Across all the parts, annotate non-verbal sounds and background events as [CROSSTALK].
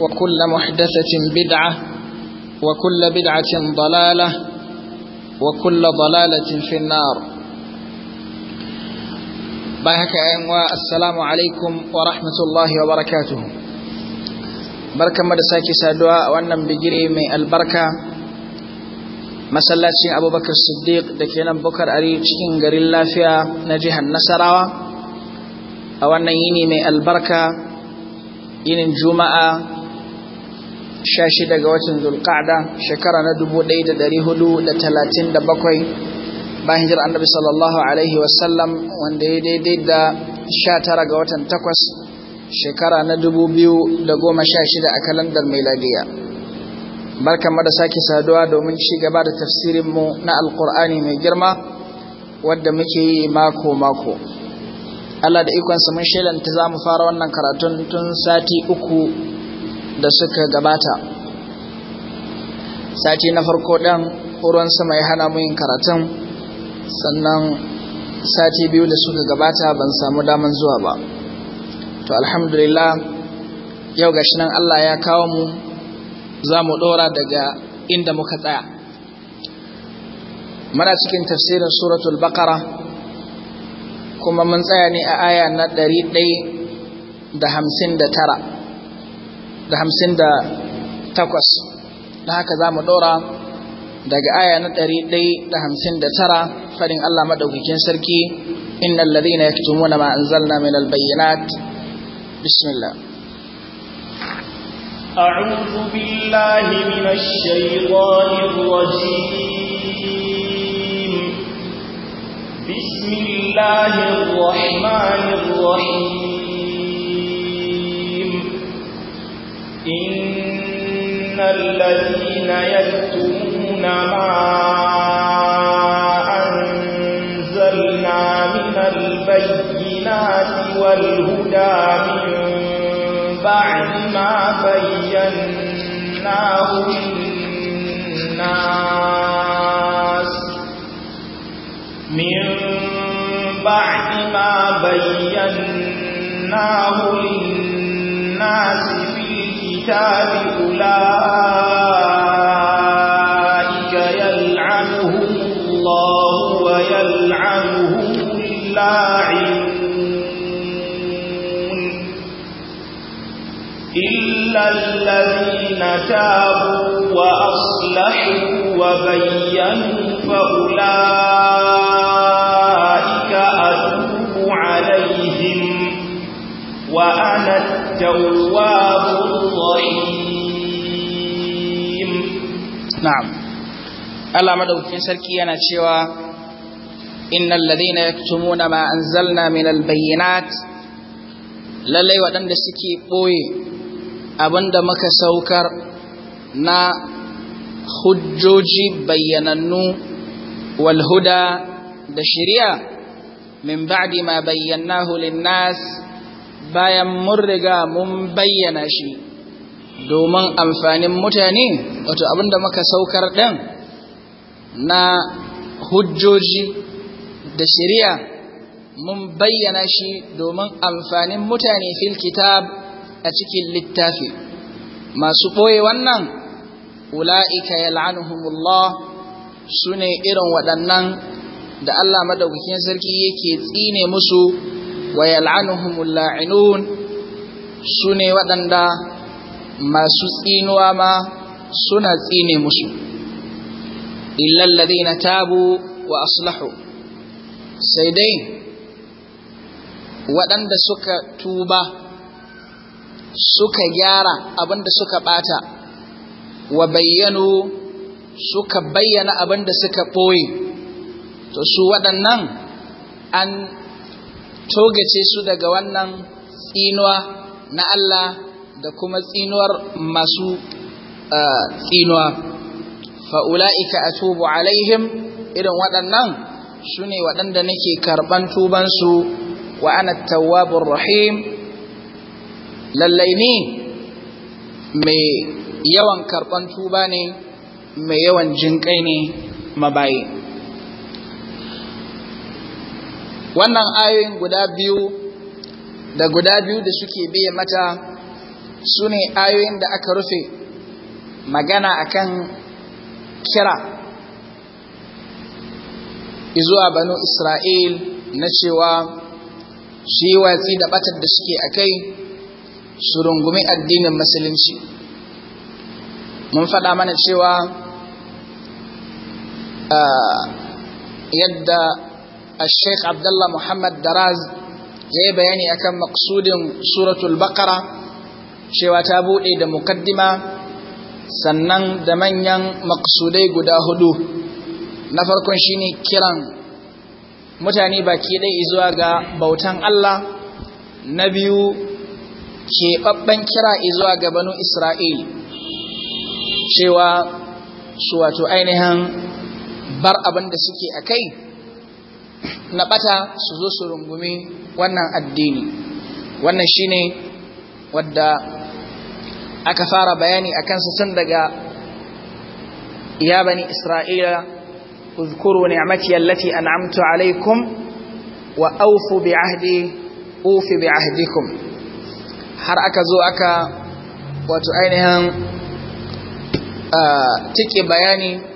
وكل محدثة بدعة وكل بدعة ضلالة وكل ضلالة في النار بايهك السلام عليكم ورحمة الله وبركاته بركة مدساكي سادوا وأنم بجري من البركة masallacin abubakar siddiq da ke nan bukar ari cikin garin lafiya na jihar nasarawa a wannan yini mai albarka yinin juma'a 16 ga watan Zulqa'da shekara na 1437 bayan hijirar Annabi sallallahu alaihi wasallam wanda ya daidai da 19 ga watan 8 shekara na 2016 a kalandar miladiya barkan mu da sake saduwa domin ci gaba da tafsirin mu na alqur'ani mai girma Wadda muke yi mako mako Allah da ikonsa mun shelanta za mu fara wannan karatun tun sati uku da suka gabata sati na farko ɗan ruwan sama ya hana mu yin karatun sannan sati biyu da suka gabata ban samu daman zuwa ba to alhamdulillah yau gashi nan Allah ya kawo mu za mu ɗora daga inda muka tsaya muna cikin tafsirin suratul baqara kuma mun tsaya ne a aya na ɗari ɗaya da hamsin da tara da hamsin da takwas da haka za mu ɗora daga aya na ɗari ɗai da hamsin da tara farin Allah maɗaukakin sarki inna alladhina yaktumuna ma anzalna min albayyinat bismillah أعوذ بالله من الشيطان الرجيم بسم الله الرحمن الرحيم إن الذين يكتمون ما أنزلنا من البينات والهدى من بعد ما بيناه للناس من بعد ما بيناه للناس الكتاب أولئك يلعنهم الله ويلعنهم اللاعنون إلا الذين تابوا وأصلحوا وبينوا فأولئك أدوا وأنا التواب الرحيم نعم الله مدوكين سلكي أنا شوى إن الذين يكتمون ما أنزلنا من البينات waɗanda suke ɓoye abinda muka saukar na hujjoji bayyanannu walhuda da shari'a min ba'di ma bayyanahu lin nas bayan mun riga mun bayyana shi domin amfanin mutane wato abinda muka saukar ɗan na hujjoji da shari'a mun bayyana shi domin amfanin mutane fil kitab a cikin littafi masu ɓoye wannan ula'ika yal'anuhumullah su ne irin waɗannan da Allah madaukakin sarki yake tsine musu wa yal'anuhumul la'inun sune waɗanda masu tsinuwa ma suna tsine musu illal na tabu wa aslahu sai dai waɗanda suka tuba suka gyara abinda suka ɓata wa bayyanu suka bayyana abinda suka ɓoye to su waɗannan an togace su daga wannan tsinuwa na Allah da kuma tsinuwar masu tsinuwa fa'ula'ika a tubu alaihim irin waɗannan su ne waɗanda nake karɓan tubansu wa ana rahim lallai ne mai yawan karɓan tuba ne mai yawan jinƙai ne mabayi wannan ayoyin guda biyu da guda biyu da suke biye mata su ne ayoyin da aka rufe magana akan kira izuwa banu isra'il na cewa su watsi da batar da suke a kai su rungumi addinin musulunci mun faɗa mana cewa ah, yadda الشيخ عبد Muhammad Daraz. Ya yi bayani akan maqsudin suratul baqara cewa ta bude da muqaddima sannan da manyan maqsudai guda hudu na farkon shine kiran mutane baki ɗaya zuwa ga bautan Allah na biyu keɓaɓɓen kira zuwa gabanu Isra'il cewa su wato ainihin bar abin da suke a kai na ɓata su zo su rungumi wannan addini wannan shine wadda aka fara bayani a kansa tun daga ya bani isra'ila uzkuru ni'mati allati an'amtu alaikum wa aufu bi ahdi ufi bi ahdikum har aka zo aka wato ainihin cike ah, bayani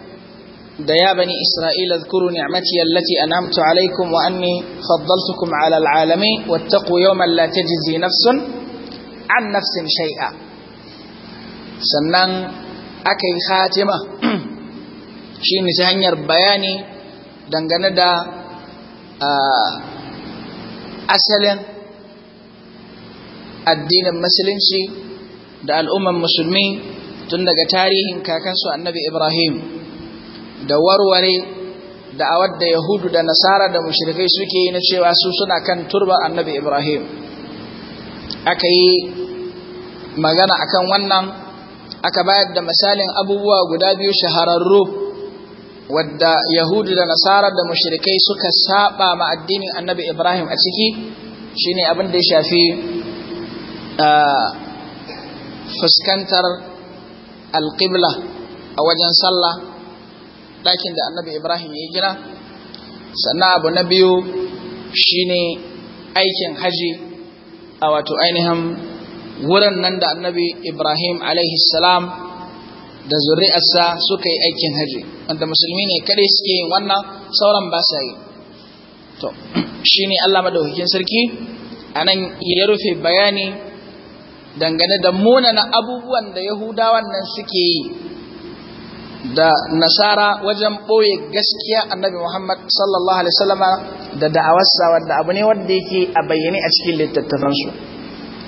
da ya bani isra'ila zkuru ni'mati allati an'amtu alaykum wa anni faddaltukum 'ala al'alamin wattaqu yawman la tajzi nafsun an nafsin shay'a sannan aka yi khatima [CLEARS THROAT] shine ta hanyar bayani dangane da asalin addinin musulunci da al'umman musulmi tun daga tarihin kakansu annabi ibrahim da warware da'awar da Yahudu da Nasara da mushrikai suke yi na cewa su suna kan turbar annabi Ibrahim aka yi magana akan wannan aka bayar da misalin abubuwa guda biyu shahararru wadda Yahudu da Nasara da mushrikai suka saba ma addinin annabi Ibrahim a ciki shine abin da ya shafi fuskantar alkibla a wajen sallah Dakin da annabi ibrahim ya gina sannan abu na biyu shine aikin haji a wato ainihin wurin nan da annabi ibrahim salam da zuri'arsa suka yi aikin haji wanda musulmi ne kadai suke yin wannan sauran ba sa yi to [CLEARS THROAT] shine allah madaukakin sarki a nan ya rufe bayani dangane da munana abubuwan da yahudawan nan suke yi da nasara wajen ɓoye gaskiya annabi Muhammad sallallahu Alaihi wasallama da da'awarsa wadda abu ne wadda yake a bayyane a cikin littattafansu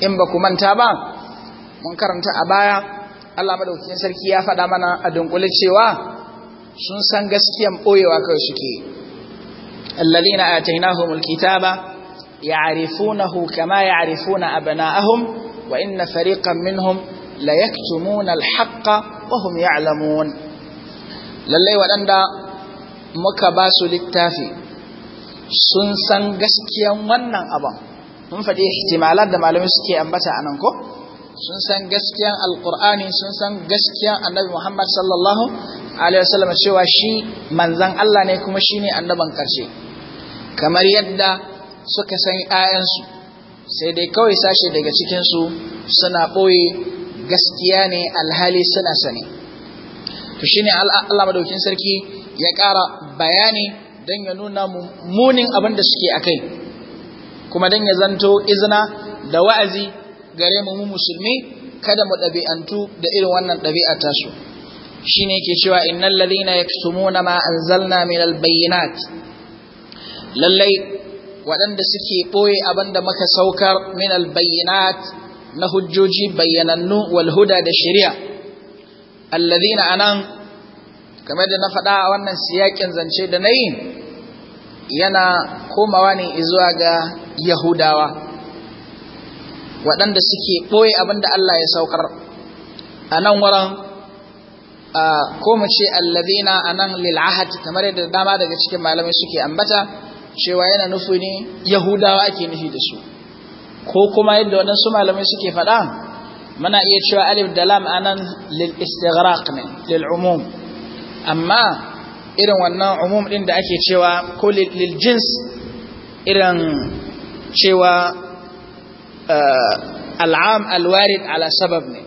in ba ku manta ba mun karanta a baya Allah madaukakin sarki ya faɗa mana a dunkule cewa sun san gaskiyan ɓoyewa kawai suke alladhina atainahumul kitaba ya'rifunahu kama ya'rifuna abna'ahum wa inna fariqan minhum la yaktumuna al-haqqa wa hum ya'lamun lallai waɗanda muka ba su littafi sun san gaskiyan wannan abin mun faɗi ihtimalat da malamai suke ambata a ko sun san gaskiyan alqur'ani sun san gaskiyan annabi muhammad sallallahu alaihi wasallam cewa shi manzan allah ne kuma shi ne annaban ƙarshe kamar yadda suka san 'ya'yansu sai dai kawai sashe daga cikinsu suna ɓoye gaskiya ne alhali suna sani to shine Allah madaukin sarki ya ƙara bayani don ya nuna munin abin da suke a kai kuma don ya zanto izina da wa'azi gare mu mu musulmi kada mu ɗabi'antu da irin wannan ɗabi'a tasu shine ke cewa innal ladina yaktumuna ma anzalna min bayyinat lallai waɗanda suke ɓoye abin da muka saukar minal bayyinat na hujjoji bayyanannu wal da shari'a alladhina anan kamar da na faɗa a wannan siyakin zance da na yi, yana komawa ne zuwa ga yahudawa waɗanda suke ɓoye abin Allah ya saukar a nan wurin ko mu ce alladhina anan lil ahad kamar yadda dama daga cikin malamai suke ambata cewa yana nufi ne yahudawa ake nufi da su ko kuma yadda waɗansu malamai suke faɗa muna iya cewa alif da lam anan lil istighraq ne lil umum amma irin wannan umum din da ake cewa ko lil jins irin cewa eh, al'am alwarid ala sabab ne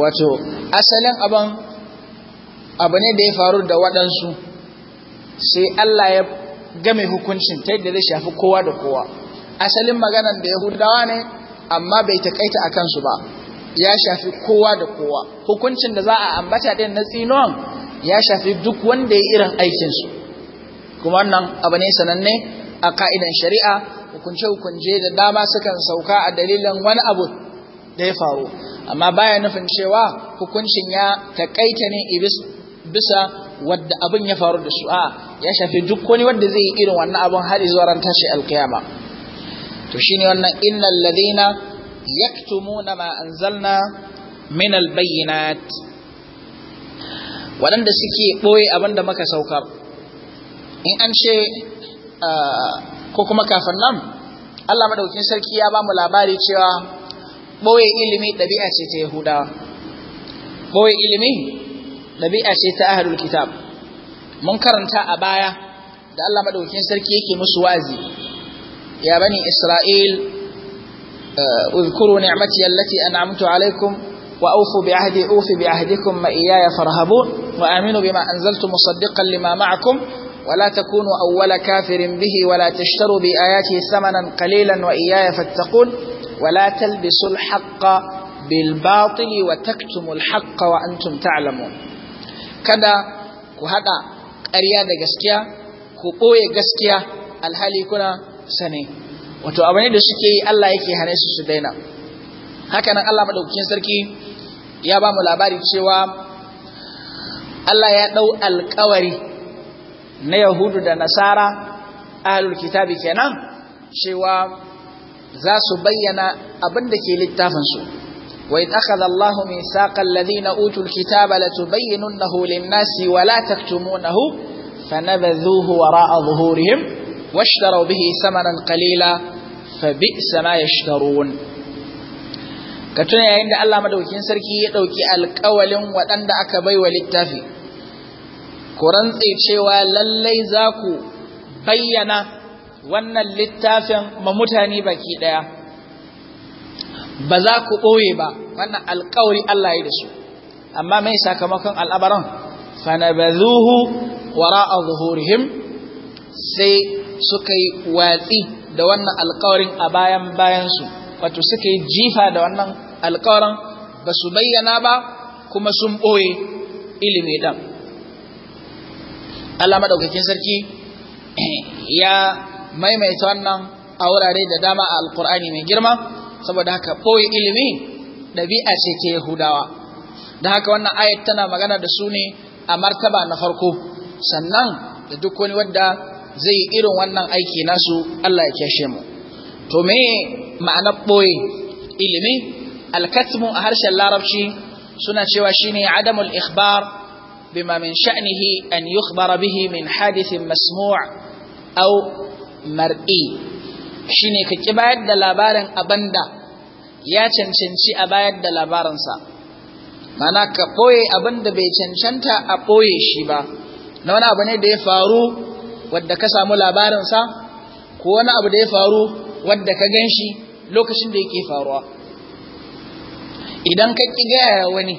wato asalin abin abu ne da ya faru da waɗansu sai Allah ya game hukuncin ta yadda zai shafi kowa da kowa asalin maganan da yahudawa ne amma bai takaita a kansu ba ya shafi kowa da kowa hukuncin da za a ambata din na tsinon ya shafi duk wanda ya irin aikinsu. kuma wannan abu ne sananne a ka'idan shari'a hukunce hukunce da dama sukan sauka a dalilin wani abu da ya faru amma baya nufin cewa hukuncin ya taƙaita ne bisa wadda abin ya faru da su a ya shafi duk wani wanda zai yi irin wannan abin har zuwa ran tashi alkiyama to shine wannan innal ladina yaktumuna ma anzalna min albayyinat waɗanda suke ɓoye abinda muka saukar in an ce ah, ko kuma kafin nan Allah madaukin sarki ya ba mu labari cewa ɓoye ilimi ɗabi'a ce ta Yahuda. ɓoye ilimi ɗabi'a ce ta ahlul kitab mun karanta a baya da Allah madaukin sarki yake musu wazi يا بني إسرائيل آه، اذكروا نعمتي التي أنعمت عليكم وأوفوا بعهدي أوفي بعهدكم ما إياي فارهبون وآمنوا بما أنزلت مصدقا لما معكم ولا تكونوا أول كافر به ولا تشتروا بآياتي ثمنا قليلا وإياي فاتقون ولا تلبسوا الحق بالباطل وتكتموا الحق وأنتم تعلمون كذا كهذا أريادة da gaskiya ku الهالي كنا sane wato abu ne da suke yi Allah yake hane su su daina haka nan Allah madaukakin sarki ya ba mu labari cewa Allah ya dau alƙawari na Yahudu da Nasara ahlul kitabi kenan cewa za su bayyana abin da ke littafin su wa id akhadha Allahu mithaqa alladhina utul kitaba latubayyinunahu lin-nasi wa la taktumunahu fanabadhuhu wara'a dhuhurihim واشتروا به ثمنا قليلا فبئس ما يشترون ka tuna yayin da Allah madaukakin sarki ya ɗauki alƙawalin waɗanda aka baiwa littafi ku rantse cewa lallai za ku bayyana wannan littafin ma mutane baki ɗaya ba za ku ɓoye ba wannan alƙawari Allah ya da su amma mai sakamakon al'abaran fanabazuhu wara a zuhurihim sai suka yi watsi da wannan alkawarin a bayan bayansu wato suka yi jifa da wannan alkawarin ba su bayyana ba kuma sun ɓoye ilimi ɗan Allah maɗaukakin sarki [CLEARS THROAT] ya maimaita wannan a wurare da dama a alkur'ani mai girma saboda haka ɓoye ilimi ɗabi'a ce ta yahudawa da haka wannan ayat tana magana da su ne a martaba na farko sannan da duk wani wadda zai yi irin wannan aiki nasu Allah ya kyashe mu to me ma'anar boye ilimi alkatmu a harshen larabci suna cewa shine adamul ikhbar بما من an أن يخبر min من حادث مسموع أو مرئي shine ka ki bayar da labarin abanda ya cancanci a bayar da labarinsa mana ka ɓoye abinda bai cancanta a ɓoye shi ba na wani abu ne da ya faru wadda ka samu labarinsa ko wani abu da ya faru wadda ka gan shi lokacin da yake faruwa idan ka ƙi gaya wani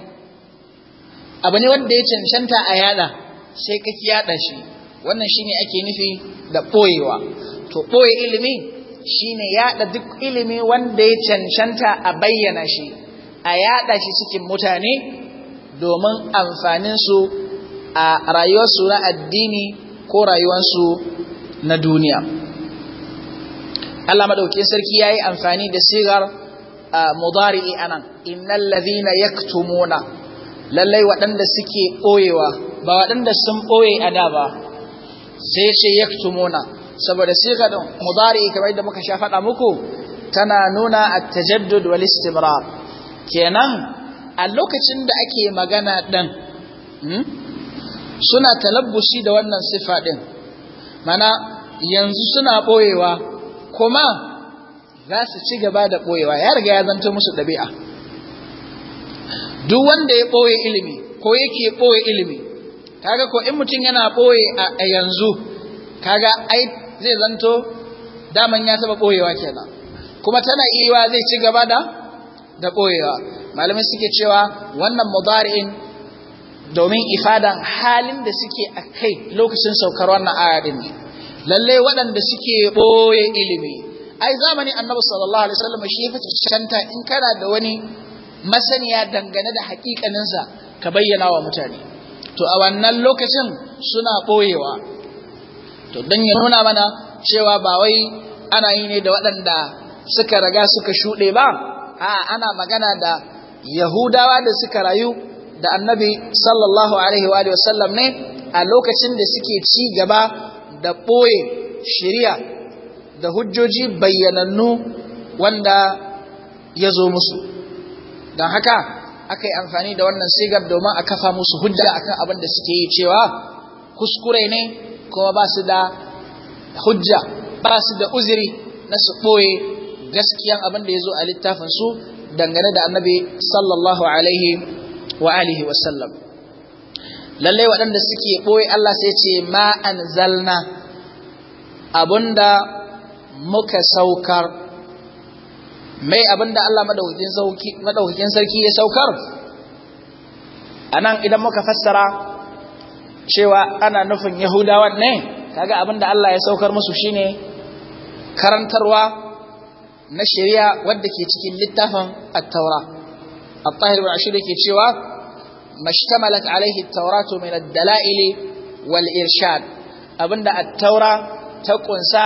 abu ne wanda ya cancanta a yada sai ka ki yada shi wannan shine ake nufi da ɓoyewa to ɓoye ilimi shine yada duk ilimi wanda ya cancanta a bayyana shi a yada shi cikin mutane domin amfanin su a rayuwarsu na addini ko rayuwansu na duniya Allah madaukin sarki yayi amfani da sigar mudari'i anan innal ladhina yaktumuna lallai waɗanda suke ɓoyewa ba waɗanda sun boye a da ba sai ce yaktumuna saboda sigar mudari'i kamar yadda muka sha faɗa muku tana nuna at-tajaddud wal istimrar kenan a lokacin da ake magana ɗan. Hmm, suna talabbusi da wannan sifa ɗin mana yanzu suna ɓoyewa kuma za su ci gaba da ɓoyewa ya riga ya zanto musu ɗabi'a duk wanda ya ɓoye ilimi ko yake ɓoye ilimi kaga ko in mutum yana ɓoye a yanzu kaga ai zai zanto daman ya taɓa boyewa kenan kuma tana iya zai ci gaba da da ɓoyewa malamai suke cewa wannan mudari'in domin ifadan halin da suke a kai lokacin saukar wannan aya lalle waɗanda suke ɓoye ilimi ai zamani annabi sallallahu alaihi wasallam shi ya fice canta in kana da wani masaniya dangane da hakikaninsa ka bayyana wa mutane to a wannan lokacin suna ɓoyewa to don ya nuna mana cewa ba wai ana yi ne da waɗanda suka raga suka shuɗe ba a ana magana da yahudawa da suka rayu da annabi sallallahu alaihi wa sallam ne a lokacin da suke ci gaba da ɓoye shari'a da hujjoji bayyanannu wanda ya zo musu don haka aka yi amfani da wannan sigar domin a kafa musu hujja akan abin da suke yi cewa kuskure ne kuma ba su da hujja ba su da uziri na su ɓoye gaskiyan abin da ya zo a su dangane da annabi sallallahu alaihi wa alihi wa sallam lalle waɗanda suke ɓoye Allah sai ce ma anzalna abunda muka saukar mai abinda Allah madaukakin sarki ya saukar anan idan muka fassara cewa ana nufin yahudawan ne kaga abinda Allah ya saukar musu shine karantarwa na shari'a wadda ke cikin littafin at الطاهر بن عشير yake cewa mashtamalat alaihi at-tauratu min ad wal irshad abinda a taura ta kunsa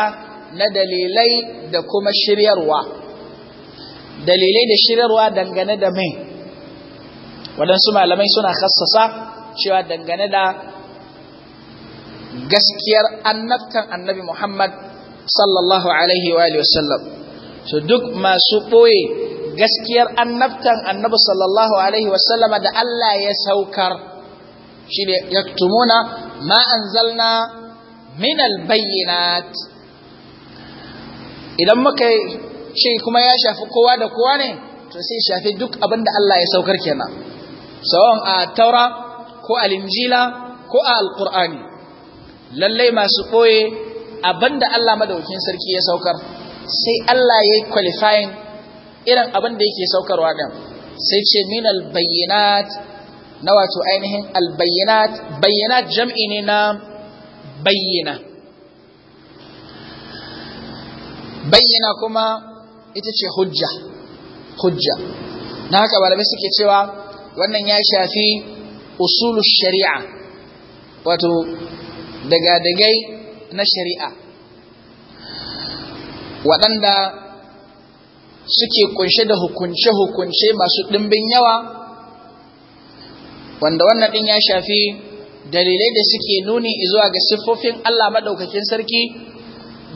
na dalilai da kuma shiryarwa dalilai da shiryarwa dangane da mai waɗansu malamai suna khassasa cewa dangane da gaskiyar annabtan annabi Muhammad sallallahu alaihi wa sallam so duk masu ɓoye gaskiyar annabtan annabi sallallahu alaihi wasallama da Allah ya saukar shi ne yaktumuna ma anzalna minal albayyinat idan muka yi ce kuma ya shafi kowa da kowa ne to sai shafi duk abin da Allah ya saukar kenan sawan a taura ko alinjila ko a Alƙur'ani, lallai masu ɓoye abin da Allah madaukin sarki ya saukar sai Allah ya yi qualifying irin abin da yake saukarwa din sai ce min albayyinat na wato ainihin albayyanat bayyinat jam'i ne na bayyina bayyina kuma ita ce hujja hujja na haka malamai suke cewa wannan ya shafi usulu shari'a wato daga-dagai na shari'a waɗanda suke kunshe da hukunce-hukunce masu ɗimbin yawa wanda wannan ɗin ya shafi dalilai da suke nuni zuwa ga siffofin Allah maɗaukakin sarki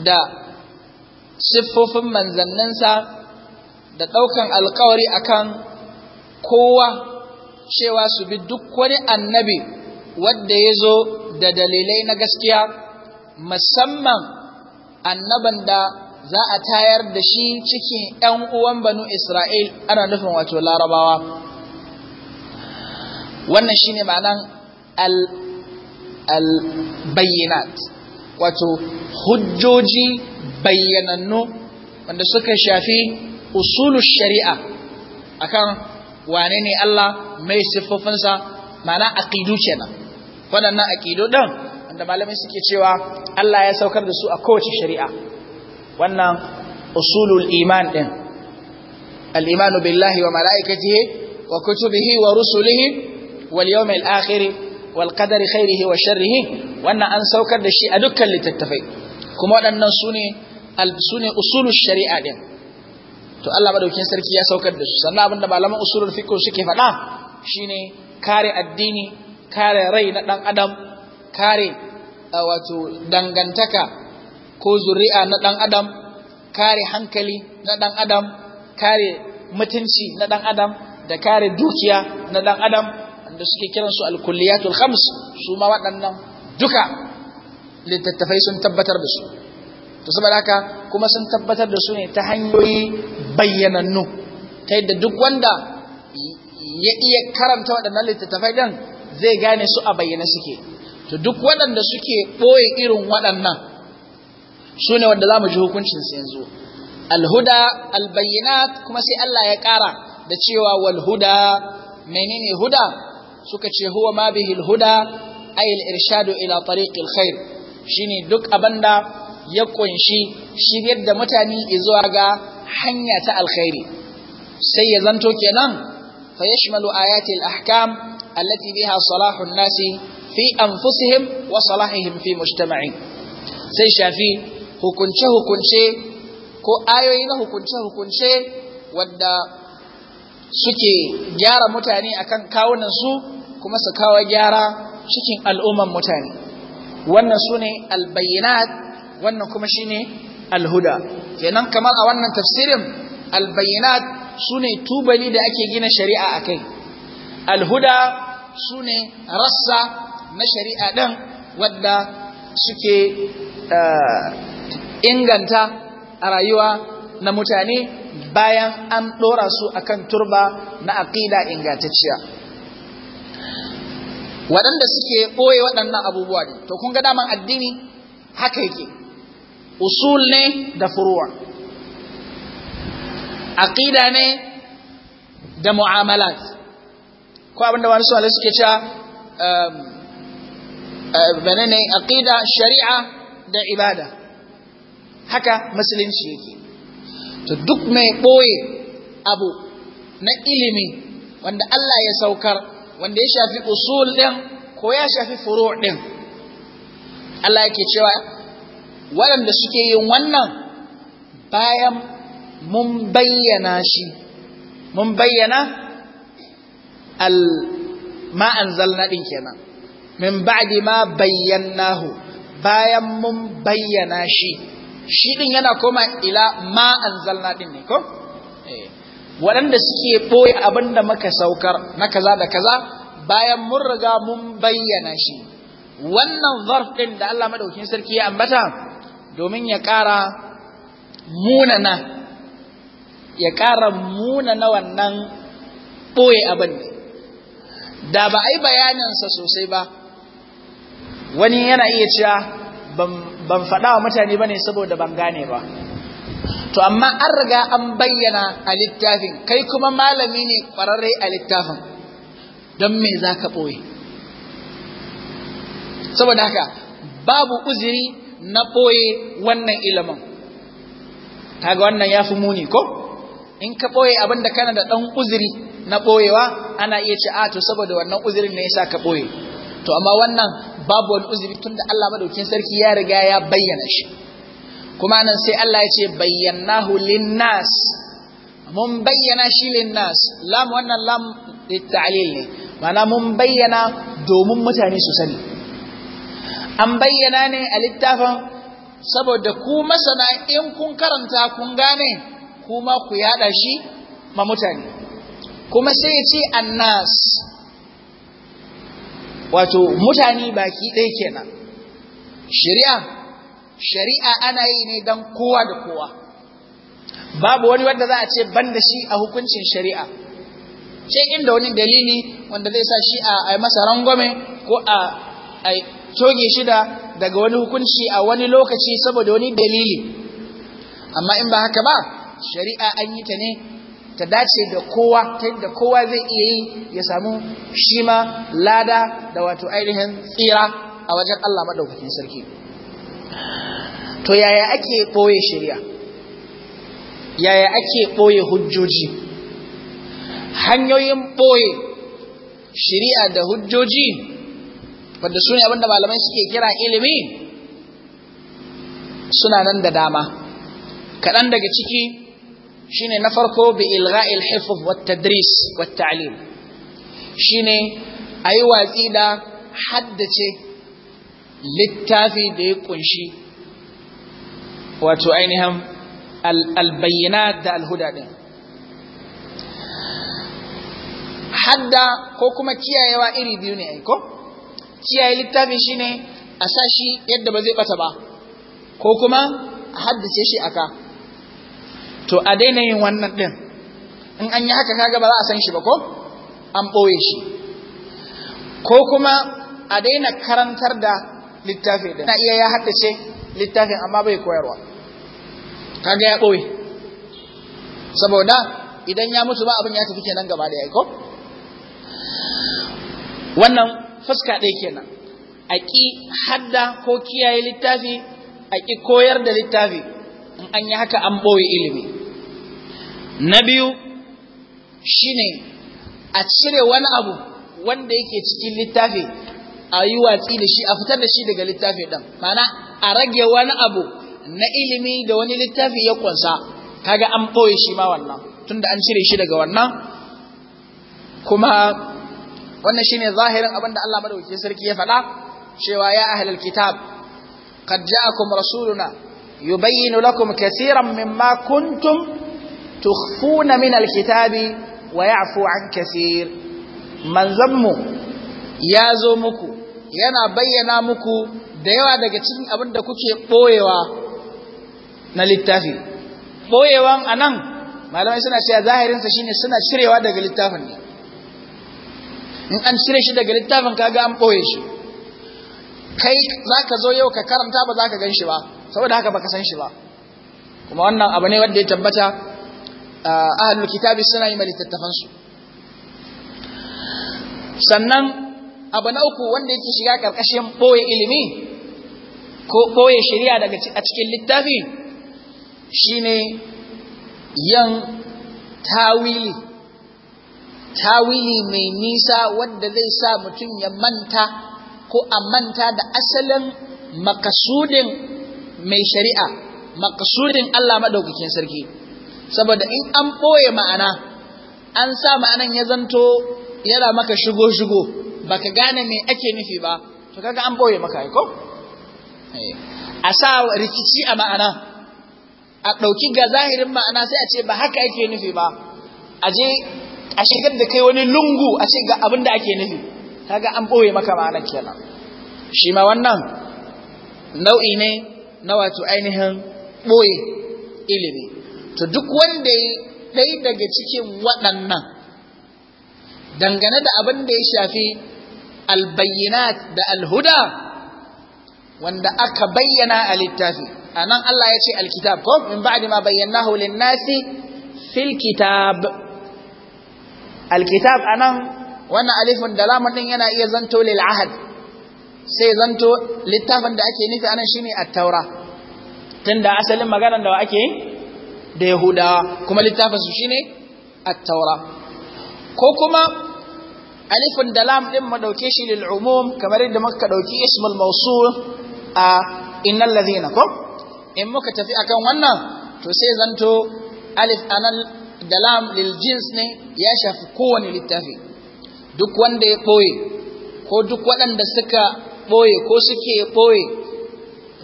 da siffofin manzanninsa da ɗaukan alkawari akan kowa cewa su bi duk wani annabi wadda ya zo da dalilai na gaskiya musamman annaban da za a tayar da shi cikin ‘yan uwan banu Isra'il ana nufin wato larabawa. Wannan shi ne ma'anan al-bayyanat, wato hujjoji bayyanannu wanda suka shafi usulu shari'a akan wane ne Allah mai siffofinsa ma'ana aƙidu kenan. Waɗannan aƙidu ɗin wanda malamai suke cewa Allah ya saukar da su a kowace shari'a. wannan usulul iman din al-iman billahi wa malaikatihi wa kutubihi wa rusulihi wal yawmil akhir wal qadari khairihi wa sharrihi wannan an saukar da shi a dukkan littattafai kuma waɗannan sune sune usulul shari'a din to Allah madaukin sarki ya saukar da su sannan abinda malaman usulul fiqh suke faɗa shine kare addini kare rai na dan adam kare wato dangantaka ko zuri'a na ɗan adam kare hankali na ɗan adam kare mutunci na ɗan adam da kare dukiya na ɗan adam da suke kiransu alkulliyatul khams su ma waɗannan duka littattafai sun tabbatar da su to saboda haka kuma sun tabbatar da su ne ta hanyoyi bayyanannu ta yadda duk wanda ya iya karanta waɗannan littattafai ɗin zai gane su a bayyane suke to duk waɗanda suke ɓoye irin waɗannan su ne wanda za mu ji hukuncin su yanzu alhuda albayinat kuma sai Allah ya ƙara da cewa walhuda menene huda suka ce huwa ma bihi alhuda ay al ila tariqil khair shine duk abanda ya kunshi shiryar da mutane zuwa ga hanya ta alkhairi sai ya zanto kenan fa yashmalu ayati al-ahkam allati biha salahu an-nasi fi anfusihim wa salahihim fi mujtama'in sai shafi hukunce-hukunce ko ayoyi na hukunce-hukunce wadda suke gyara mutane akan kawunansu kuma su kawo gyara cikin al'umman mutane wannan su ne albayinat wannan kuma shi ne alhuda kenan kamar a wannan tafsirin albayyanat su ne tubali da ake gina shari'a a kai alhuda su ne rassa na shari'a ɗin wadda suke eh, inganta a rayuwa na mutane bayan an ɗora su akan turba na aƙida ingantacciya waɗanda suke ɓoye waɗannan abubuwa ne to kun ga daman addini haka yake usul ne da furuwa aƙida ne da mu'amalat ko abinda wani suwale suke cewa um, uh, menene aƙida shari'a da ibada haka musulunci yake to duk mai ɓoye abu na ilimi wanda Allah ya saukar wanda ya shafi usul din ko ya shafi furu din. Allah yake cewa waɗanda suke yin wannan bayan mun bayyana shi mun bayyana al ma anzalna din kenan min ba'di ma bayyanahu bayan mun bayyana shi shi ɗin yana koma ila ma anzalna din ne ko eh. waɗanda suke ɓoye abin da muka saukar na kaza da kaza bayan mun riga mun bayyana shi wannan zarf ɗin da Allah madaukakin sarki ya ambata domin ya ƙara munana ya ƙara munana wannan ɓoye abin da ba a yi bayaninsa sosai ba wani yana iya cewa ban ban faɗa wa mutane bane saboda ban gane ba to amma an riga an bayyana a littafin kai kuma malami ne kwararre a littafin don me za ka ɓoye saboda haka babu uziri na ɓoye wannan ilimin kaga wannan ya fi muni ko in ka ɓoye abin da kana da ɗan uziri na ɓoyewa ana iya ci a to saboda wannan uzurin ne ya sa ka ɓoye to amma wannan babu wani uzuri tunda Allah madaukin sarki ya riga ya bayyana shi kuma nan sai Allah ya ce bayyanahu nas mun bayyana shi nas lam wannan lam ta'lil ne mana mun bayyana domin mutane su sani an bayyana ne a littafin saboda ku masana in kun karanta kun gane kuma ku yada shi ma mutane kuma sai ya ce annas wato mutane baki ɗaya kenan shari'a shari'a ana yi ne don kowa da kowa babu wani wanda za a ce ban da shi a hukuncin shari'a Ce inda wani dalili wanda zai sa shi a masa rangwame ko a coge shida daga wani hukunci a wani lokaci saboda wani dalili amma in ba haka ba shari'a an yi ta ne ta dace da kowa ta yadda kowa zai iya yi ya samu shima, lada da wato ainihin tsira a wajen Allah madaukakin sarki to yaya ake ɓoye shari'a yaya ake ɓoye hujjoji hanyoyin ɓoye shari'a da hujjoji wanda su ne abinda malamai suke kira ilimi suna nan da dama kaɗan daga ciki shine na farko bi ilgha'il hifz wat tadris wat ta'lim shine ayi watsi da haddace littafi da ya kunshi wato ainihin albayyinat da alhuda din hadda ko kuma kiyayewa iri biyu ne ai ko kiyaye littafi shine a sashi yadda ba zai bata ba ko kuma a haddace shi aka to a daina yin wannan ɗin, in an yi haka kaga ba za a san shi ba ko an ɓoye shi ko kuma a daina karantar da littafi da na iya ya haddace littafin amma bai koyarwa kaga ya ɓoye saboda idan ya mutu ba abin ya tafi kenan gaba da ya ko wannan fuska ɗaya kenan a ƙi hadda ko kiyaye littafi a ƙi koyar da littafi in an yi haka an ɓoye ilimi na biyu shi ne a cire wani abu wanda yake cikin littafi a yi watsi da shi a fitar da shi daga littafi ɗin mana a rage wani abu na ilimi da wani littafi ya kunsa kaga an ɓoye shi ma wannan tunda an cire shi daga wannan kuma wannan shi ne zahirin abin da Allah madauki sarki ya faɗa cewa ya ahalar kitab qad ja'akum rasuluna yubayyinu lakum kasiran mimma kuntum tukhfuna min alkitabi wa ya'fu an kaseer manzanmu ya zo muku yana bayyana muku da yawa daga cikin abin da kuke boyewa na littafi boyewan anan malamai suna cewa zahirin sa shine suna cirewa daga littafin ne in an cire shi daga littafin kaga an boye shi kai zaka zo yau ka karanta ba zaka gan shi ba saboda haka baka san shi ba kuma wannan abu ne wanda ya tabbata ahlul kitabi suna yi littattafan su sannan abu na uku wanda yake shiga ƙarƙashin boye ilimi ko boye shari'a daga a cikin littafi shine yan tawili tawili mai nisa wanda zai sa mutum ya manta ko a manta da asalin makasudin mai shari'a makasudin Allah madaukakin sarki saboda in an ɓoye ma'ana an sa ma'anan ya zanto yana maka shigo-shigo baka gane me ake nufi ba to kaga an ɓoye maka ko eh, a sa rikici a ma'ana a ɗauki ga zahirin ma'ana sai a ce ba haka ake nufi ba a je a shigar da kai wani lungu a ce ga abin da ake nufi kaga an ɓoye maka ma'ana kenan shi ma wannan nau'i ne na wato ainihin ɓoye ilimi to duk wanda ya ɗai daga cikin waɗannan dangane da abin da ya shafi albayinat da alhuda wanda aka bayyana a littafi a nan Allah ya ce alkitab ko in ba'di ma bayyana lin-nasi fil kitab alkitab anan wannan alifin da lamun ɗin yana iya zanto lil ahad sai zanto littafin da ake nufi anan shine a taura tunda asalin maganar da ake yi. da yahudawa kuma littafin su shine at-taura ko kuma alifin da lam mu madauke shi lil umum kamar yadda muka dauki ismul mawsul a innal ladhina ko in muka tafi akan wannan to sai zanto alif anan da lam lil jins ne ya shafi kowane littafi duk wanda ya boye ko duk waɗanda suka ɓoye ko suke ɓoye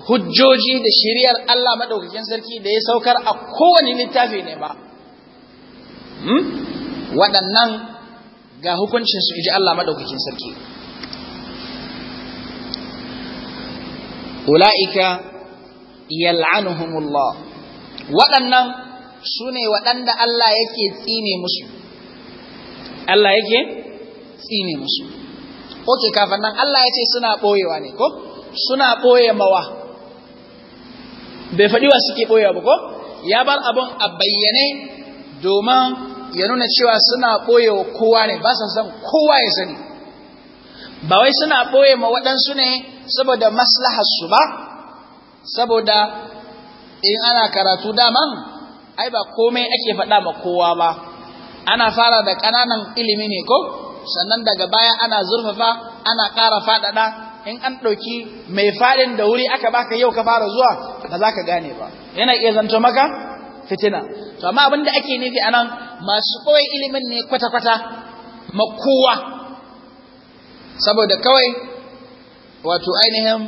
hujjoji da shiriyar Allah maɗaukakin sarki da ya saukar a kowane littafi ne ba hmm? waɗannan ga hukuncin su iji Allah maɗaukakin sarki ula'ika yal'anuhumullah waɗannan su ne waɗanda Allah yake tsine musu Allah yake tsine musu Ok, kafin nan Allah ya ce suna ɓoyewa ne, ko? Suna ɓoye mawa. bai faɗi wa suke ɓoye ba ko ya bar abun a bayyane domin ya nuna cewa suna ɓoye wa kowa ne ba sa san kowa ya sani ba wai suna ɓoye ma waɗansu ne saboda maslaharsu ba saboda in ana karatu daman ai ba komai ake faɗa ma kowa ba ana fara da ƙananan ilimi ne ko sannan daga baya ana zurfafa ana ƙara faɗaɗa in an ɗauki mai faɗin da wuri aka baka yau ka fara zuwa ba za ka gane ba yana iya zanto maka fitina to amma abin da ake nufi a nan masu koyi ilimin ne kwata-kwata ma kowa saboda kawai wato ainihin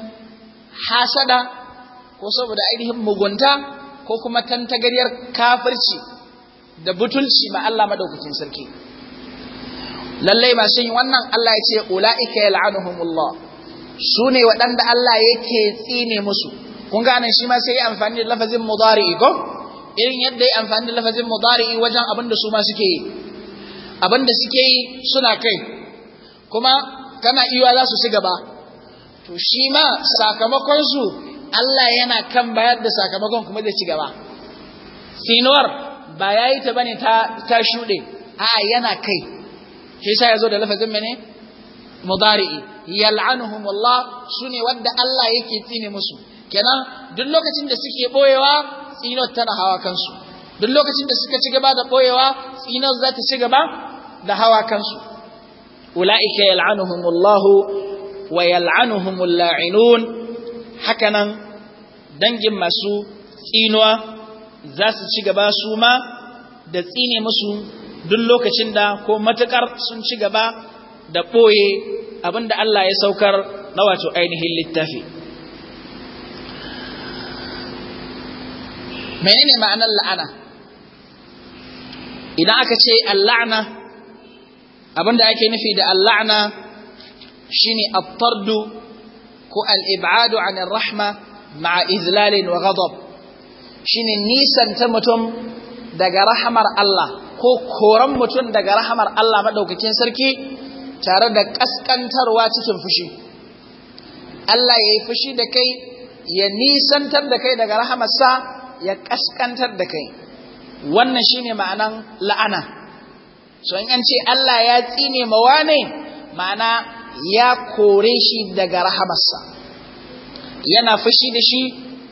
hasada ko saboda ainihin mugunta ko kuma tantagariyar kafirci da butulci ma Allah madaukakin sarki lallai masu yin wannan Allah ya ce ula'ika yal'anuhumullah su ne waɗanda Allah yake tsine musu kun gane shi ma sai amfani da lafazin mudari'i ko irin yadda ya amfani da lafazin mudari'i wajen abin da su ma suke yi abin da suke yi suna kai kuma kana iya za su ci gaba to shi ma sakamakon su Allah yana kan bayar da sakamakon kuma zai cigaba. gaba sinuwar ba yi ta bane ta shuɗe a yana kai shi ya zo da lafazin mene mudari'i yal'anuhumullah sune wanda Allah yake tsine musu kenan duk lokacin da suke boyewa tsinar tana hawa kansu duk lokacin da suka ci gaba da boyewa tsinar zata ci gaba da hawa kansu ulaika yal'anuhumullah wa yal'anuhumul la'inun hakanan dangin masu tsinuwa za su ci gaba su ma da tsine musu duk lokacin da ko matukar sun ci gaba da ɓoye abinda Allah ya saukar na wato ainihin littafi menene ma'anar la'ana idan aka ce al-la'na abinda ake nufi da al-la'na shine at-tardu ko al-ib'adu 'an ar-rahma ma'a izlalin wa ghadab shine nisan ta mutum daga rahamar Allah ko koran mutum daga rahamar Allah madaukakin sarki tare da ƙasƙantarwa cikin fushi Allah ya yi fushi da kai ya nisantar da kai daga rahamarsa ya ƙasƙantar da kai wannan shi ne ma'anan la'ana so in ce Allah ya tsine mawa ne, ma'ana ya kore shi daga rahamarsa yana fushi da shi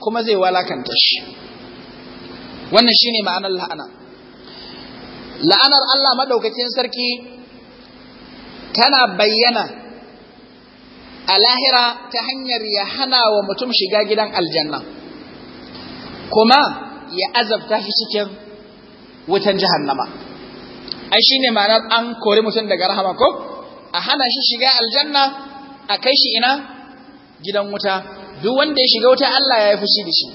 kuma zai walakanta shi wannan shi ne ma'anar la'ana la'anar Allah madaukakin sarki tana bayyana a lahira ta hanyar ya hana wa mutum shiga gidan aljanna kuma ya azabta shi cikin wutan jahannama ai shine ma'anar an kori mutum daga rahama ko a hana shi shiga aljanna a kai shi ina gidan wuta duk wanda ya shiga wuta Allah ya yi fushi da shi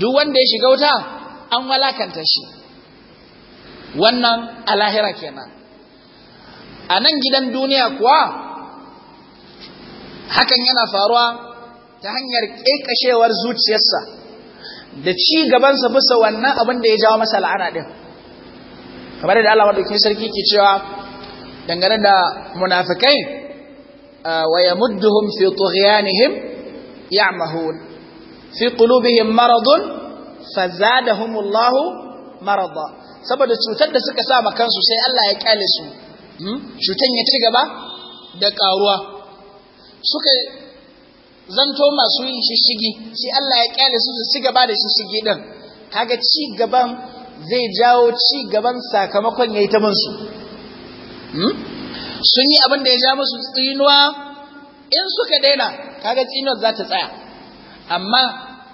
duk wanda ya shiga wuta an walakanta shi wannan a lahira kenan a nan gidan duniya kuwa hakan yana faruwa ta hanyar ƙeƙashewar zuciyarsa da ci gabansa bisa wannan abin da ya jawo masa la'ana ɗin kamar da Allah madaukakin sarki ke cewa dangane da munafikai wa mudduhum fi tughyanihim ya'mahun fi qulubihim maradun fazadahumullahu marada saboda cutar da suka sa kansu sai Allah ya kyale su Hmm? cutan ya ci gaba da ƙaruwa suka zanto masu yin shishigi shi Allah ya kyale su su ci gaba da shishigi din kaga ci gaban zai jawo ci gaban sakamakon yayi ta mansu hmm? sun yi abin da ya ja musu tsinuwa in suka daina kaga tsinuwar za ta tsaya amma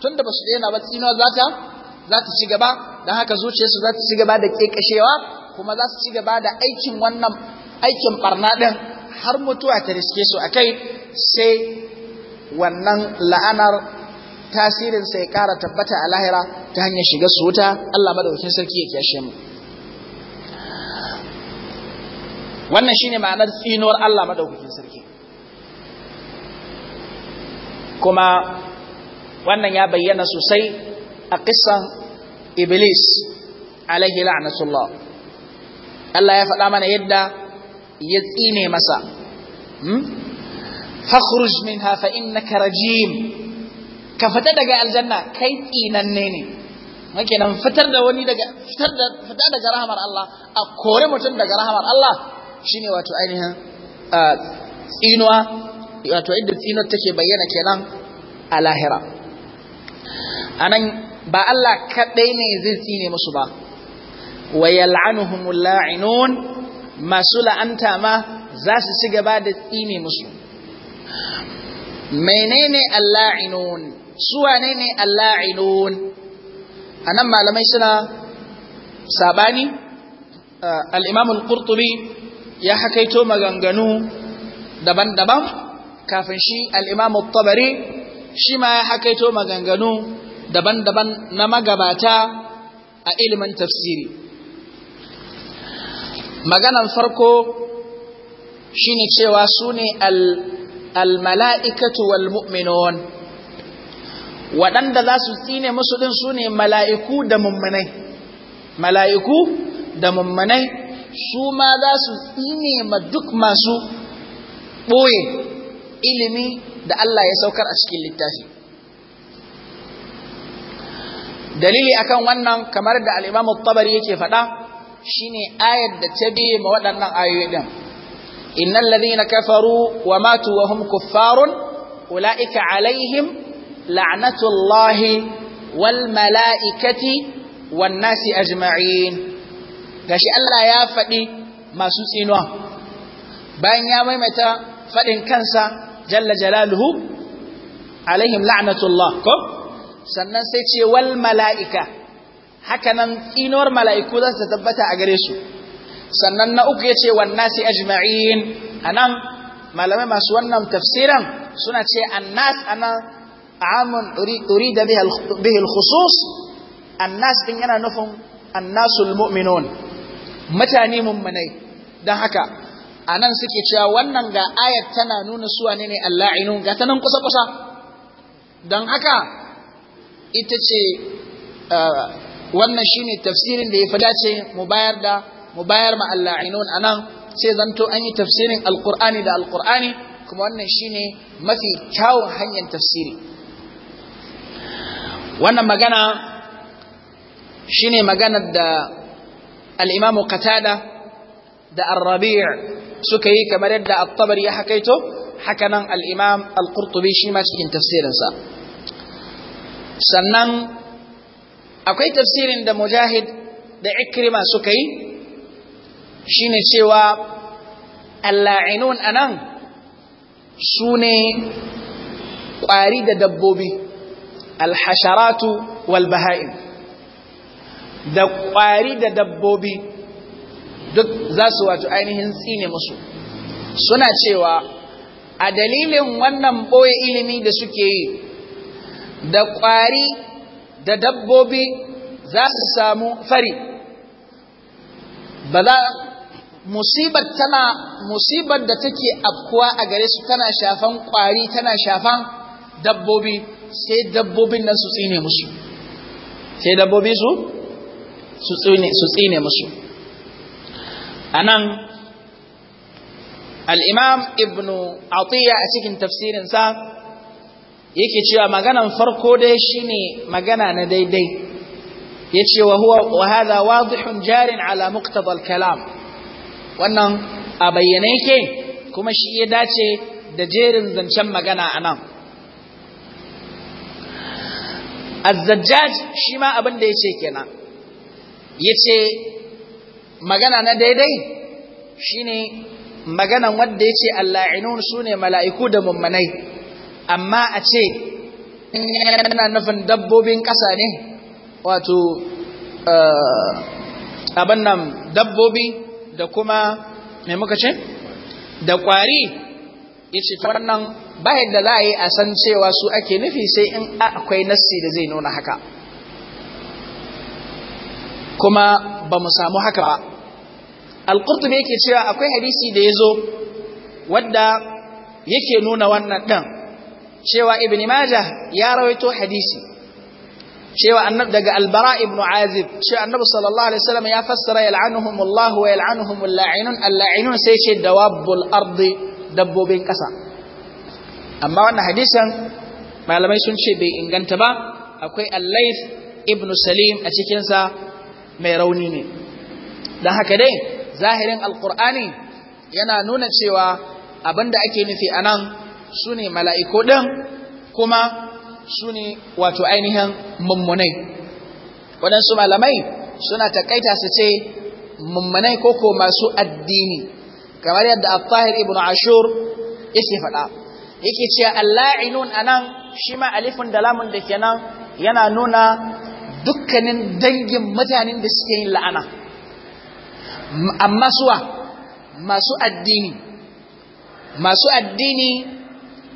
tun da ba su daina ba tsinuwar za ta ci gaba don haka zuciyarsu za ta ci gaba da kekashewa kuma za su ci gaba da aikin wannan aikin barna ɗin har mutuwa ta riske su akai sai wannan la'anar tasirin sai ƙara tabbata a lahira ta hanyar shiga su wuta Allah madaukakin sarki ya kiyashe mu wannan shine ma'anar tsinuwar Allah madaukakin sarki kuma wannan ya bayyana sosai a kissan Iblis alaihi la'natullah Allah ya faɗa mana yadda ya tsine masa hmm? fakhruj minha fa innaka rajim ka fita daga aljanna kai tsinanne ne makenan fitar da wani daga fitar da fita daga rahamar Allah a kore mutum daga rahamar Allah shine wato ainihin tsinuwa wato inda take bayyana kenan a lahira anan ba Allah kaɗai ne zai tsine musu ba wa yal'anuhumul la'inun masu la'anta ma za su ci gaba da tsine musu menene al-la'inun su wane ne al-la'inun anan malamai suna sabani uh, al-imam al-qurtubi ya hakaito maganganu daban-daban kafin shi al-imam at-tabari shi ma ya hakaito maganganu daban-daban na magabata a ilimin tafsiri maganan farko shine cewa su ne al-mala'ikatu wal mu'minun waɗanda za su tsine musu ɗin su ne mala'iku da mummunai mala'iku da mummunai su ma za su tsine ma duk masu ɓoye ilimi da Allah ya saukar a cikin littafi dalili akan wannan kamar da al'imamu tabari yake faɗa shine ayar da ta biye ma waɗannan ayoyi din innal ladhina kafaru wa matu wa hum kuffarun ulaika alaihim la'natullahi wal mala'ikati wan nasi ajma'in gashi Allah ya faɗi masu tsinuwa bayan ya maimaita faɗin kansa jalla jalaluhu alaihim la'natullah ko sannan sai ce wal mala'ika haka nan tsinuwar mala'iku za su tabbata a gare su sannan na uku ya ce wan nasi ajma'in nan malamai masu wannan tafsiran suna ce annas anan amun urida da al-khusus annas din yana nufin annasul mu'minun mutane mummunai don haka anan suke cewa wannan ga ayat tana nuna suwa ne ne ga ta nan kusa-kusa don haka ita ce uh, wannan ne tafsirin da ya fi dace mu bayar da mu bayar ma alla'inun anan sai zanto an yi tafsirin alkur'ani da alkur'ani kuma wannan ne mafi kyawun hanyar tafsiri wannan magana ne maganar da alimamu imam qatada da ar suka yi kamar yadda attabar ya hakaito hakanan al-imam al-qurtubi shi ma cikin tafsirinsa sannan akwai tafsirin da mujahid da ikrima suka yi shine cewa alla'inun anan su ne ƙwari da dabbobi alhasharatu walbaha'in da ƙwari da dabbobi duk za su wato ainihin tsine musu suna cewa a dalilin wannan ɓoye ilimi da suke yi da ƙwari da dabbobi za su samu fari ba za musibar tana musibar da take afkuwa a gare su tana shafan kwari tana shafan dabbobi sai dabbobin nan su tsine musu sai dabbobi su su tsine musu anan al-imam ibnu atiya a cikin tafsirinsa yake cewa maganan farko dai shine magana na daidai yace wa huwa wa hadha wadihun jarin ala muqtada al-kalam wannan a bayyane yake kuma shi ya dace da jerin zancen magana anan az-zajjaj shi ma abin da yace kenan yace magana na daidai shine maganan wanda yace al sune mala'iku da mummanai amma a ce yana nufin dabbobin ƙasa ne wato eh, abin nan dabbobi da kuma mai muka ce da ƙwari ya ce wannan bayan da za a yi a san cewa su ake nufi sai in akwai nassi da zai nuna haka kuma ba mu samu haka ba alƙurtubi yake cewa akwai hadisi da ya zo wadda yake nuna wannan ɗan cewa ibn majah ya rawaito hadisi cewa annab daga albara ibn azib cewa annabi sallallahu alaihi wasallam ya fassara yal'anuhumullahu wa yal'anuhumul la'inun al-la'inun sai ce dawabul ardi dabbobin kasa amma wannan hadisan malamai sun ce bai inganta ba akwai al-layth ibn salim a cikin sa mai rauni ne dan haka dai zahirin alqur'ani yana nuna cewa abinda ake nufi anan su ne mala'iku kuma su ne wato ainihin mummunai waɗansu malamai suna taƙaita su ce mummunai koko masu addini kamar yadda al-tahir ibn ashur yake faɗa yake ce alla'inun anan shi ma alifin dalamun da ke nan yana nuna dukkanin dangin mutanen da suke yin la'ana amma suwa masu addini masu addini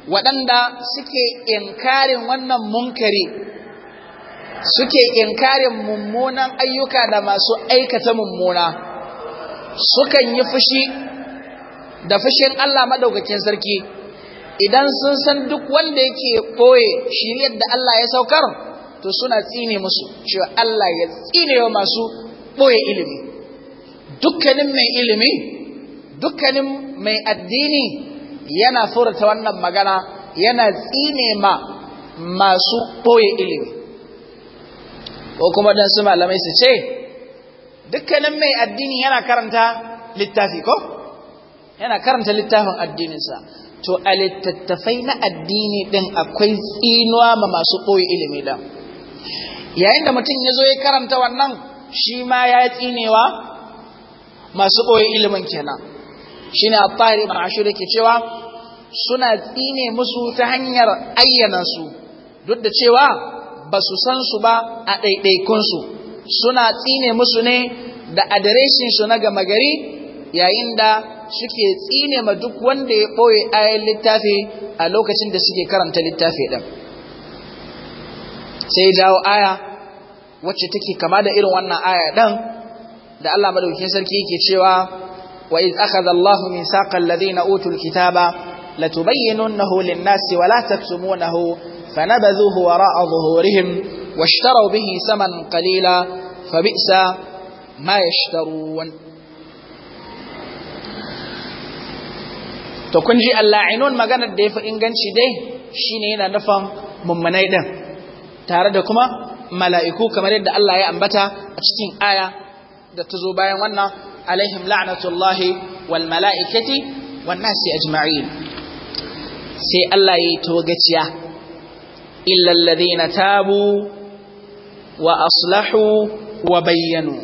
waɗanda suke inkarin wannan munkari suke inkarin mummunan ayyuka da masu aikata mummuna sukan yi fushi da fushin Allah madaukakin sarki idan sun san duk wanda yake ɓoye shiryar da Allah ya saukar to suna tsine musu cewa Allah ya tsine wa masu ɓoye ilimi dukkanin mai ilimi dukkanin mai addini yana surata wannan magana yana tsine ma masu ɓoye ilimi ko kuma don su malamai su ce dukkanin mai addini yana karanta littafi ko yana karanta littafin addininsa to a littattafai na addini ɗin akwai tsinuwa ma masu ɓoye ilimi ɗin yayin da mutum ya zo ya karanta wannan shi ma ya tsinewa masu ɓoye ilimin kenan shine at-tahir ibn da ke cewa suna tsine musu ta hanyar ayyana su duk da cewa ba su san su ba a ɗaiɗaikunsu suna tsine musu ne da adireshinsu na gama gari yayin da suke tsine ma duk wanda ya ɓoye ayan littafi a lokacin da suke karanta littafi ɗin sai dawo aya wacce take kama da irin wannan aya ɗin da Allah madaukakin sarki yake cewa wa iz akhadha Allahu mithaqa alladhina utul kitaba latubayyinunahu lin-nasi wa la taksumunahu fanabadhuhu wara'a dhuhurihim washtaraw bihi saman qalila fabi'sa ma yashtarun to kun ji al-la'inun maganar da yafi inganci dai shine yana nufin mummunai din tare da kuma mala'iku kamar yadda Allah ya ambata a cikin aya da ta zo bayan wannan alaihim la'natullahi wal mala'ikati wan nasi ajma'in sai Allah yayi togaciya illa alladhina tabu wa aslahu wa bayyanu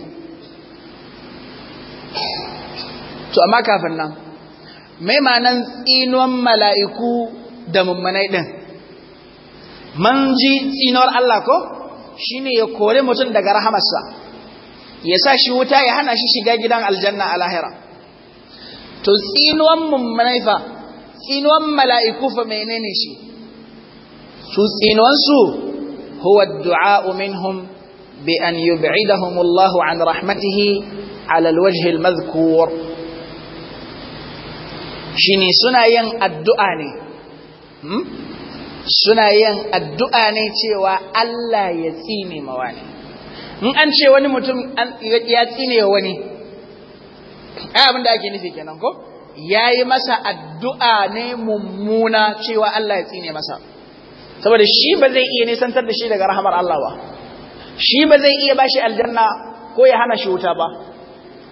to amma kafin nan mai manan tsinon mala'iku da mummunai din man ji tsinuwar Allah ko shine ya kore mutum daga rahamarsa ya sa shi wuta ya hana shi shiga gidan aljanna a lahira to tsinuwan mummunai fa tsinuwan mala'iku fa menene shi su tsinuwansu huwa du'a'u minhum bi an yub'idahum Allah an rahmatihi ala alwajh almadhkur shine suna yin addu'a ne hmm? suna yin addu'a ne cewa Allah ya tsine mawani in an ce wani mutum ya tsine wani ai abin da ake nufi kenan ko ya masa addu'a ne mummuna cewa Allah ya tsine masa saboda shi ba zai iya nisantar da shi daga rahamar Allah ba shi ba zai iya bashi aljanna ko ya hana shi wuta ba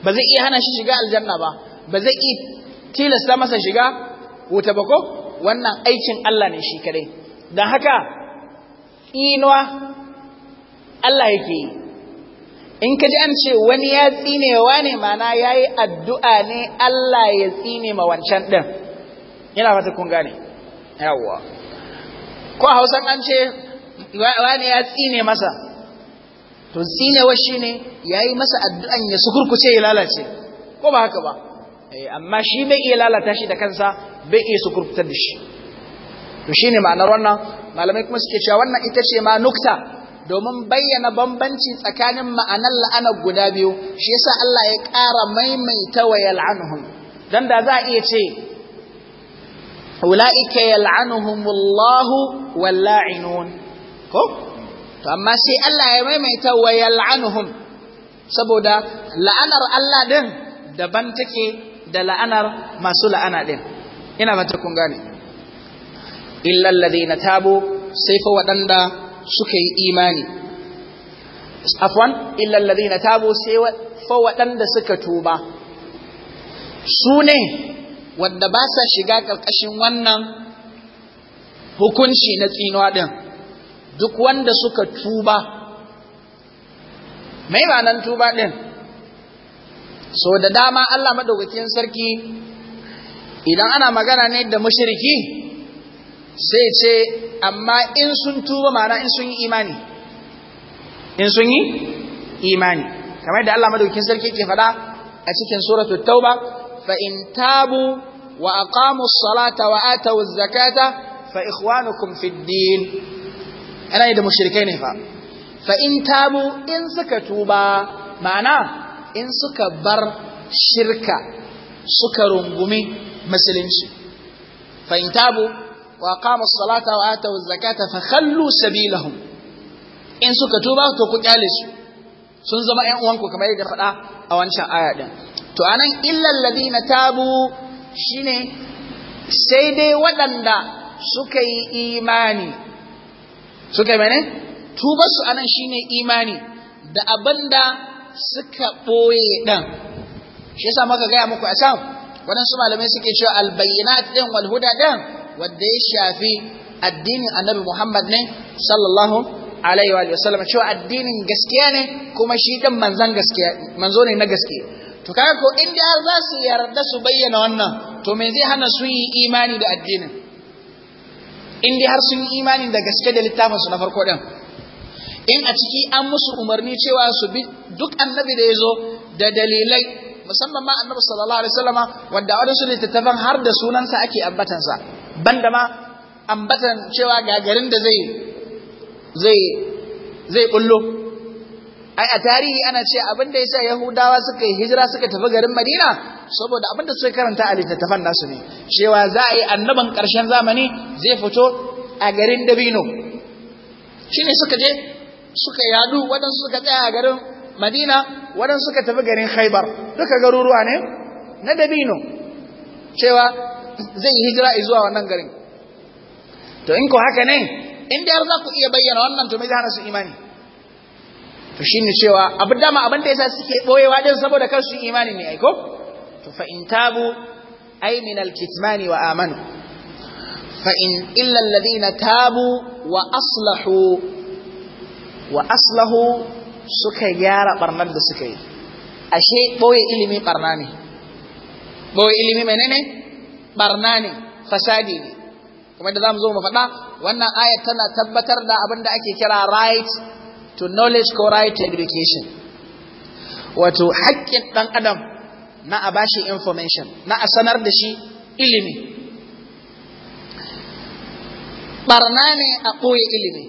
ba zai iya hana shi shiga aljanna ba ba zai iya tilasta masa shiga wuta ba ko wannan aikin Allah ne shi kadai don haka inuwa Allah yake yi in ka ji an ce wani ya tsinewa ne mana ya yi addu'a ne Allah ya tsine ma wancan ɗin yana fata kun gane yawwa ko hausan an ce wani ya tsine masa to tsinewa shi ne ya yi masa addu'an ya su kurkuce ya lalace ko ba haka ba eh, amma shi bai iya lalata shi da kansa bai iya su kurkutar da shi to shi ne ma'anar wannan malamai kuma suke cewa wannan ita ce ma nukta domin bayyana bambanci tsakanin ma'anar la'anar guda biyu shi yasa Allah ya ƙara maimaita wa yal'anuhum dan da za a iya ce ulaika yal'anuhumullahu walla'inun ko to amma sai Allah ya maimaita wa yal'anuhum saboda la'anar Allah din daban take da la'anar masu la'ana din ina ba ta kun gane illa alladhina tabu sai fa waɗanda suka yi imani afwan illal na tabo sai fa waɗanda suka tuba su ne wanda ba sa shiga ƙarƙashin wannan hukunci na tsinuwa ɗin duk wanda suka tuba mai ranar tuba ɗin so da dama Allah maɗaukakin sarki idan ana magana ne da mashirki sai ce amma in sun tuba ma'ana in sun yi imani in sun yi imani kamar da Allah madaukin sarki ke faɗa a cikin suratul tauba fa in tabu wa aqamu salata wa atu zakata fa ikhwanukum fid din ana da mushrikai ne fa fa in tabu in suka tuba ma'na in suka bar shirka suka rungumi musulunci fa in tabu wa qama as-salata wa atu az-zakata fa khallu sabilahum in suka tuba to ku kyale sun zama ƴan uwanku kamar yadda faɗa a wancan aya din to anan illal ladina tabu shine sai dai waɗanda suka yi imani suka yi mene tubar su anan shine imani da abinda suka ɓoye ɗan shi yasa muka gaya muku a can waɗansu malamai suke cewa albayyinat ɗin wal huda ɗin Wadda ya shafi addinin annabi Muhammad ne sallallahu alaihi wa sallam cewa addinin gaskiya ne kuma shi dan manzan gaskiya manzo ne na gaskiya to kaga ko in har za su yarda su bayyana wannan to me zai hana su yi imani da addinin in dai har sun yi imani da gaske da littafin su na farko din in a ciki an musu umarni cewa su bi duk annabi da yazo da dalilai musamman ma annabi sallallahu alaihi wasallama wanda wadansu littattafan har da sunansa ake ambatansa banda ma ambatan cewa ga garin da zai zai zai bullo ai a tarihi ana ce abinda da yasa yahudawa suka yi hijira suka tafi garin madina saboda abinda suka karanta a littattafan nasu ne cewa za a yi annaban karshen zamani zai fito a garin dabino shine suka je suka yadu wadan suka tsaya a garin madina wadan suka tafi garin khaybar duka garuruwa ne na dabino cewa zai yi hijira zuwa wannan garin to in ko haka ne in da har za ku iya bayyana wannan to me zai su imani to shine cewa abu ma abin da yasa suke boyewa din saboda kar su imani ne ai ko to fa in tabu ay min al-kitmani wa amanu fa in illa alladhina tabu wa aslahu wa aslahu suka gyara barnar da suka yi ashe boye ilimi barna ne ɓoye ilimi menene barna ne fasadi ne kuma da zamu zo mu faɗa wannan ayat tana tabbatar da abin da ake kira right to knowledge ko right to education wato haƙƙin ɗan adam na a bashi information na a sanar da shi ilimi barna ne a ɓoye ilimi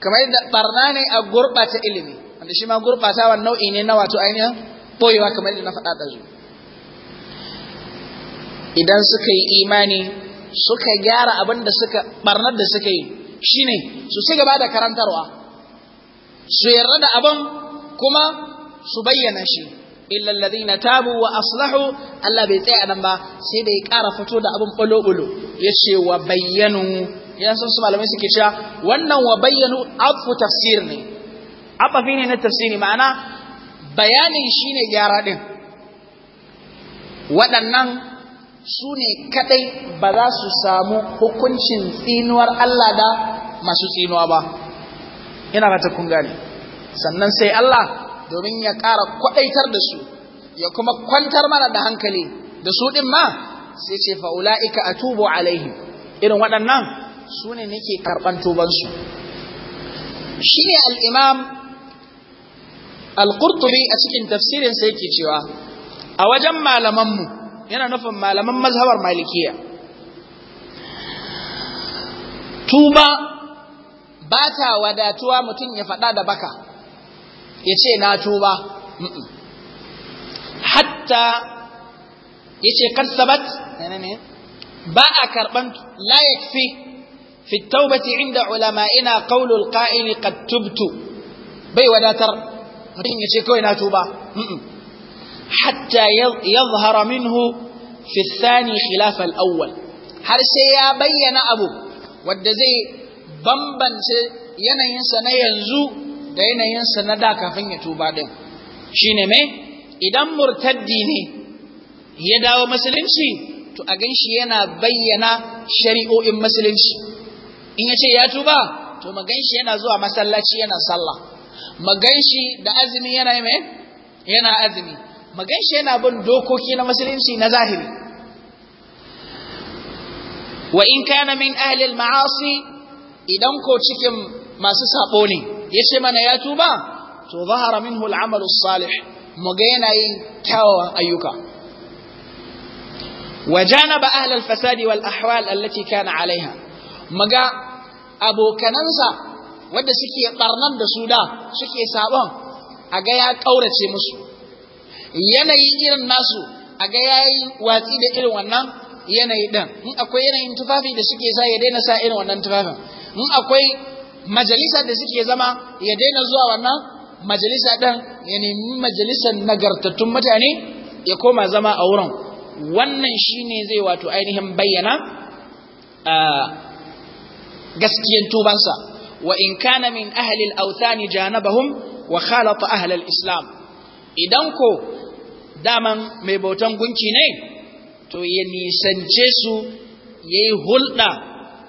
kamar yadda barna ne a gurɓata ilimi wanda shi ma gurɓatawan nau'i ne na wato ainihin ɓoyewa kamar yadda na faɗa ɗazu idan suka yi imani suka gyara abin da suka barnar da suka yi shine su ci gaba da karantarwa su yarda da abin kuma su bayyana shi illa na tabu wa aslahu Allah bai tsaya nan ba sai da ya ƙara fito da abin bolo-bolo ce wa bayyanu ya san su malamai suke cewa wannan wa bayyanu afu tafsir ne abafi ne na tafsiri ma'ana bayanin shine gyara din waɗannan su ne kadai ba za su samu hukuncin tsinuwar Allah da masu tsinuwa ba ina rata kun gane sannan sai Allah domin ya ƙara kwaɗaitar da su ya kuma kwantar mana da hankali da su ɗin ma sai ce fa'ula'ika a tubo alaihim irin waɗannan su ne nake tuban tubansu shi ne al'imam al-ƙurtubi a cikin tafsirin sai yake cewa a wajen malaman mu. yana nufin malaman mazhabar malikiya tuba ba ta wadatuwa mutum ya faɗa da baka ya ce na tuba hatta ya ce karsabat ba a karɓan layak fi fi taubati inda ulama'ina qaulul qa'ili qad tubtu bai wadatar mutum ya ce kawai na tuba hatta yadhhara minhu fi thani khilaf al-awwal har sai ya bayyana abu wanda zai bambance yanayinsa na yanzu da yanayinsa na da kafin ya tuba din shine mai idan murtaddi ne ya dawo musulunci to a ganshi yana bayyana shari'o'in musulunci in ya ce ya tuba to maganshi yana zuwa masallaci yana sallah maganshi da azumi yana azumi magan shi yana bin dokoki na musulunci na zahiri wa in kana min ahli al-ma'asi idan ko cikin masu sabo ne yace mana ya tuba to zahara minhu al-amal as-salih maga yana yin kyawawan ayyuka wajanaba ahli al-fasadi wal ahwal allati kana alaiha maga abokanansa wanda suke barnan da su da suke sabon a ga ya kaurace musu yanayin irin nasu a ga yayi watsi da irin wannan yanayi din in akwai yanayin tufafi da suke sa ya daina sa irin wannan tufafin in akwai majalisa da suke zama ya daina zuwa wannan majalisa din ya nemi majalisar nagartattun mutane ya koma zama a wurin wannan shine zai wato ainihin bayyana gaskiyan tubansa wa in kana min ahli al-awthani janabahum wa khalata ahli islam idan ko daman mai bautan gunki ne to ya nisance su ya yi hulɗa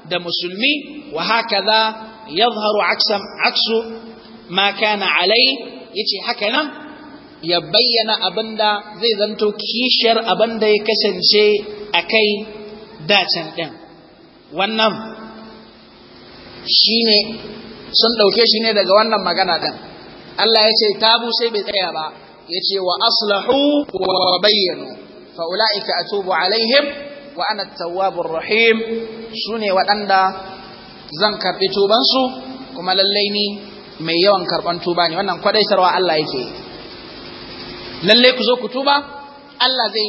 da musulmi wa haka za ya zaharu aksu ma kana alai ya ce haka nan ya bayyana abinda zai zanto kishiyar abinda ya kasance a kai dacen ɗin wannan shi ne sun ɗauke shi ne daga wannan magana ɗin Allah ya ce tabu sai bai tsaya ba yace wa aslahu wa bayyanu fa ulaika atubu alaihim wa ana at-tawwabur rahim sune waɗanda zan karɓi tuban su kuma lallai ni mai yawan karban tuba ne wannan kwadaitarwa Allah yake lallai ku zo ku tuba Allah zai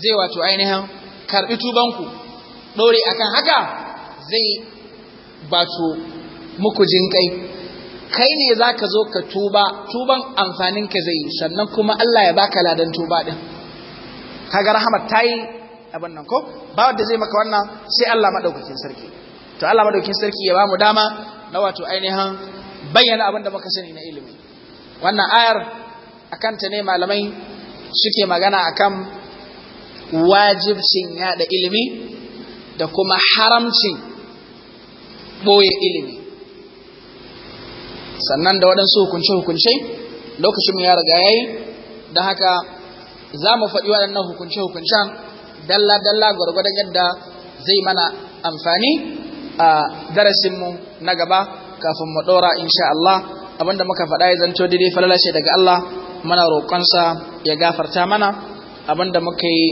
zai wato ainihin karɓi tubanku ɗore akan haka zai bato muku jinƙai kai ne za ka zo ka tuba tuban amfaninka zai yi sannan kuma Allah ya baka ladan tuba din kaga rahmat ta yi abin nan ko ba wanda zai maka wannan sai Allah madaukakin sarki to Allah madaukakin sarki ya ba mu dama na wato ainihin bayyana abin da muka sani na ilimi wannan ayar akan ta ne malamai suke magana akan wajibcin yada ilimi da kuma haramcin boye ilimi sannan da waɗansu hukunce-hukunce lokacin ya riga ya yi don haka za mu faɗi waɗannan hukunce-hukuncen dalla-dalla gwargwadon yadda zai mana amfani a darasinmu na gaba kafin mu ɗora insha Allah abinda muka faɗa ya zanto daidai falalashe daga Allah mana roƙonsa ya gafarta mana abinda muka yi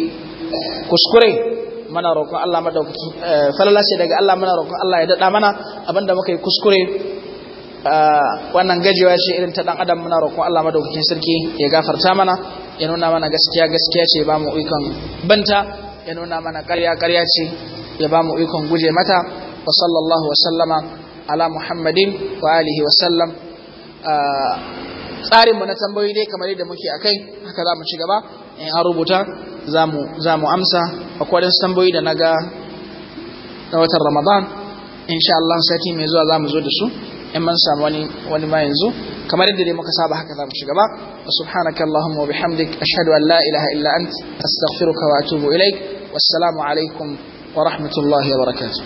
eh, kuskure mana roƙon Allah madaukakin eh, falalashe daga Allah mana roƙon Allah ya daɗa mana abinda muka yi kuskure Ah, wannan gajewa ce irin ta dan adam muna roƙon Allah madaukakin sarki ya gafarta mana ya nuna mana gaskiya gaskiya ce ba mu ikon banta ya nuna mana ƙarya ƙarya ce ya ba mu ikon guje mata wa sallallahu wa sallama ala muhammadin wa alihi wa sallam ah, tsarin mu na tambayoyi dai kamar yadda muke akai haka za mu ci gaba in an rubuta za mu amsa akwai tambayoyi da na ga na watan ramadan insha Allah sati mai zuwa za mu zo da su in man samu wani wani ma yanzu kamar yadda dai muka saba haka za mu ci gaba wa subhanaka allahumma wa bihamdik ashhadu an la ilaha illa ant astaghfiruka wa atubu ilaik wassalamu alaikum wa rahmatullahi wa barakatuh